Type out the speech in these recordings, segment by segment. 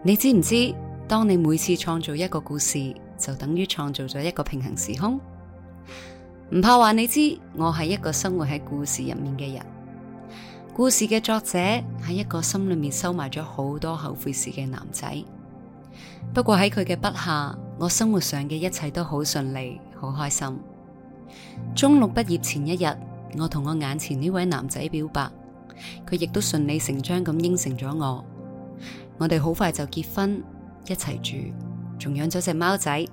你知唔知？當你每次創造一個故事，就等於創造咗一個平行時空。唔怕話你知，我係一個生活喺故事入面嘅人。故事嘅作者係一個心裏面收埋咗好多後悔事嘅男仔。不過喺佢嘅筆下，我生活上嘅一切都好順利，好開心。中六畢業前一日，我同我眼前呢位男仔表白，佢亦都順理成章咁應承咗我。我哋好快就結婚，一齊住，仲養咗隻貓仔，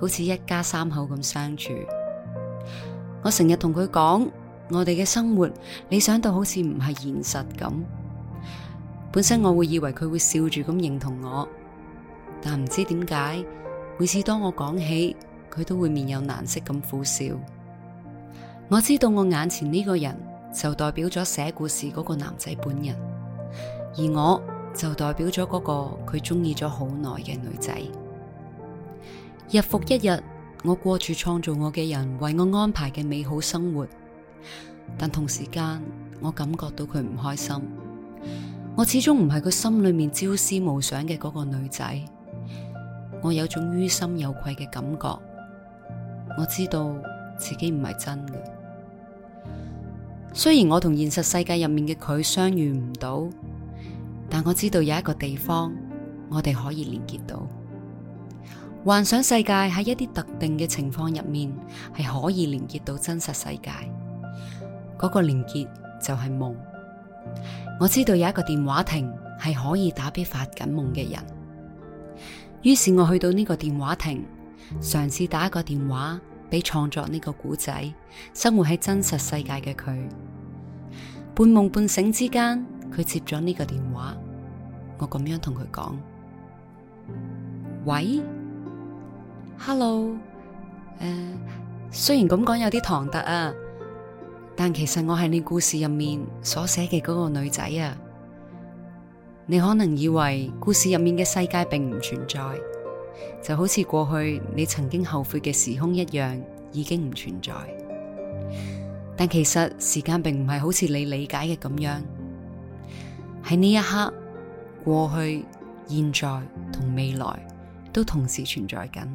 好似一家三口咁相處。我成日同佢講，我哋嘅生活理想到好似唔係現實咁。本身我會以為佢會笑住咁認同我，但唔知點解，每次當我講起，佢都會面有難色咁苦笑。我知道我眼前呢個人就代表咗寫故事嗰個男仔本人，而我。就代表咗嗰個佢鍾意咗好耐嘅女仔。日復一日，我過住創造我嘅人為我安排嘅美好生活，但同時間我感覺到佢唔開心。我始終唔係佢心裏面朝思暮想嘅嗰個女仔，我有種於心有愧嘅感覺。我知道自己唔係真嘅，雖然我同現實世界入面嘅佢相遇唔到。但我知道有一個地方，我哋可以連結到幻想世界，喺一啲特定嘅情況入面，係可以連結到真實世界。嗰、那個連結就係夢。我知道有一個電話亭係可以打俾發緊夢嘅人，於是我去到呢個電話亭，嘗試打一個電話俾創作呢個古仔、生活喺真實世界嘅佢。半夢半醒之間。佢接咗呢個電話，我咁樣同佢講：喂，Hello，誒，uh，雖然咁講有啲唐突啊，但其實我係你故事入面所寫嘅嗰個女仔啊。你可能以為故事入面嘅世界並唔存在，就好似過去你曾經後悔嘅時空一樣，已經唔存在。但其實時間並唔係好似你理解嘅咁樣。喺呢一刻，過去、現在同未來都同時存在緊。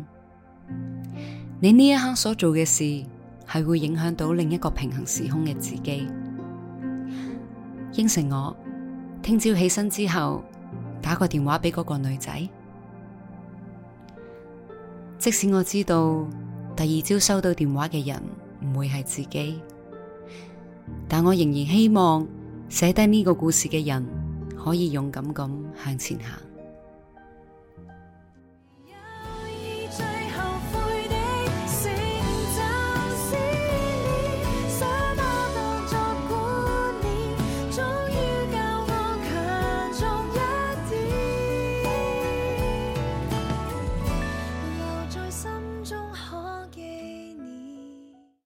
你呢一刻所做嘅事，係會影響到另一個平行時空嘅自己。應承我，聽朝起身之後，打個電話俾嗰個女仔。即使我知道第二朝收到電話嘅人唔會係自己，但我仍然希望寫低呢個故事嘅人可以勇敢咁向前行。